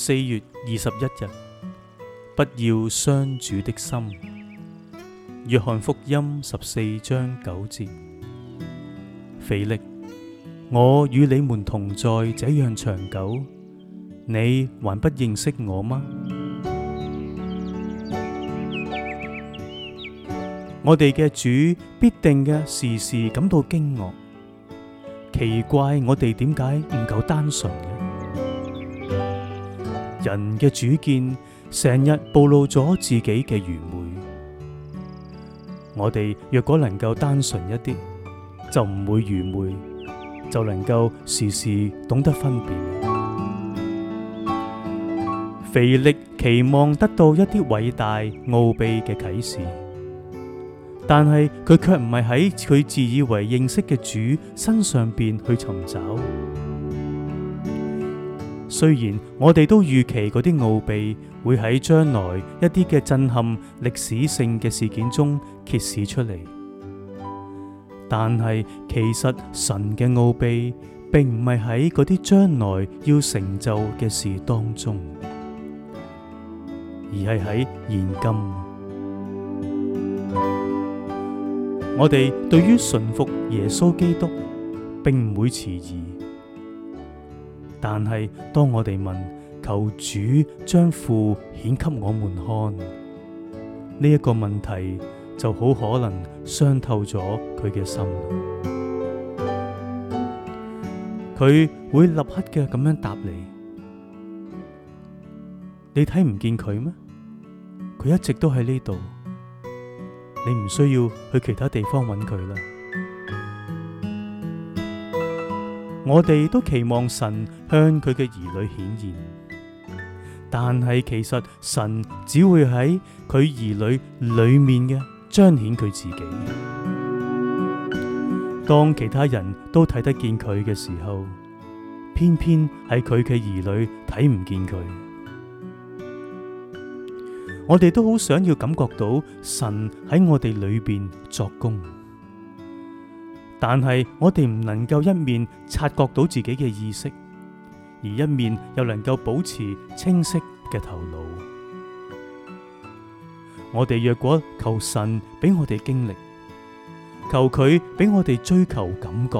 四月二十一日，不要傷主的心。約翰福音十四章九節，腓力，我與你們同在這樣長久，你還不認識我嗎？我哋嘅主必定嘅時時感到驚愕，奇怪我哋點解唔夠單純人嘅主見成日暴露咗自己嘅愚昧，我哋若果能夠單純一啲，就唔會愚昧，就能夠時時懂得分辨。腓力期望得到一啲偉大奧秘嘅啟示，但係佢卻唔係喺佢自以為認識嘅主身上邊去尋找。雖然我哋都預期嗰啲奧秘會喺將來一啲嘅震撼歷史性嘅事件中揭示出嚟，但係其實神嘅奧秘並唔係喺嗰啲將來要成就嘅事當中，而係喺現今。我哋對於順服耶穌基督，並唔會遲疑。但係，當我哋問求主將父顯給我們看呢一個問題，就好可能傷透咗佢嘅心。佢會立刻嘅咁樣答你：你睇唔見佢咩？佢一直都喺呢度，你唔需要去其他地方揾佢啦。我哋都期望神。向佢嘅兒女顯現，但係其實神只會喺佢兒女裏面嘅彰顯佢自己。當其他人都睇得見佢嘅時候，偏偏喺佢嘅兒女睇唔見佢。我哋都好想要感覺到神喺我哋裏邊作工，但係我哋唔能夠一面察覺到自己嘅意識，而一面又能夠保持清晰嘅頭腦，我哋若果求神俾我哋經歷，求佢俾我哋追求感覺，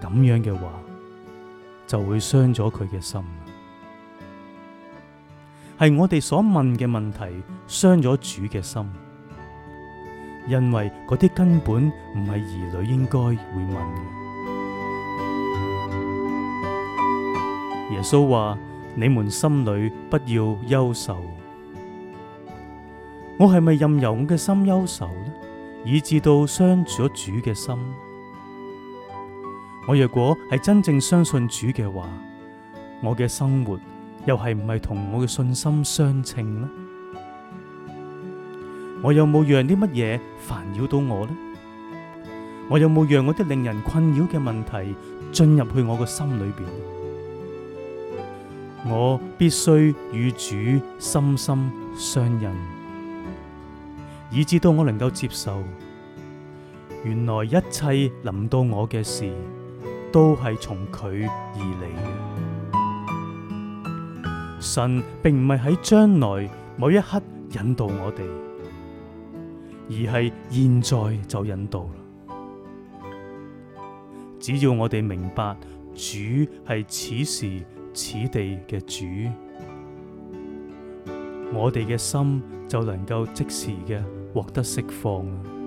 咁樣嘅話，就會傷咗佢嘅心。係我哋所問嘅問題傷咗主嘅心，因為嗰啲根本唔係兒女應該會問。耶穌話：你們心裏不要憂愁。我係咪任由我嘅心憂愁呢？以至到傷咗主嘅心？我若果係真正相信主嘅話，我嘅生活又係唔係同我嘅信心相稱呢？我有冇讓啲乜嘢煩擾到我呢？我有冇讓我啲令人困擾嘅問題進入去我嘅心裏邊？我必須與主深深相印，以至到我能夠接受，原來一切臨到我嘅事都係從佢而嚟。神並唔係喺將來某一刻引導我哋，而係現在就引導。只要我哋明白主係此時。此地嘅主，我哋嘅心就能夠即時嘅獲得釋放。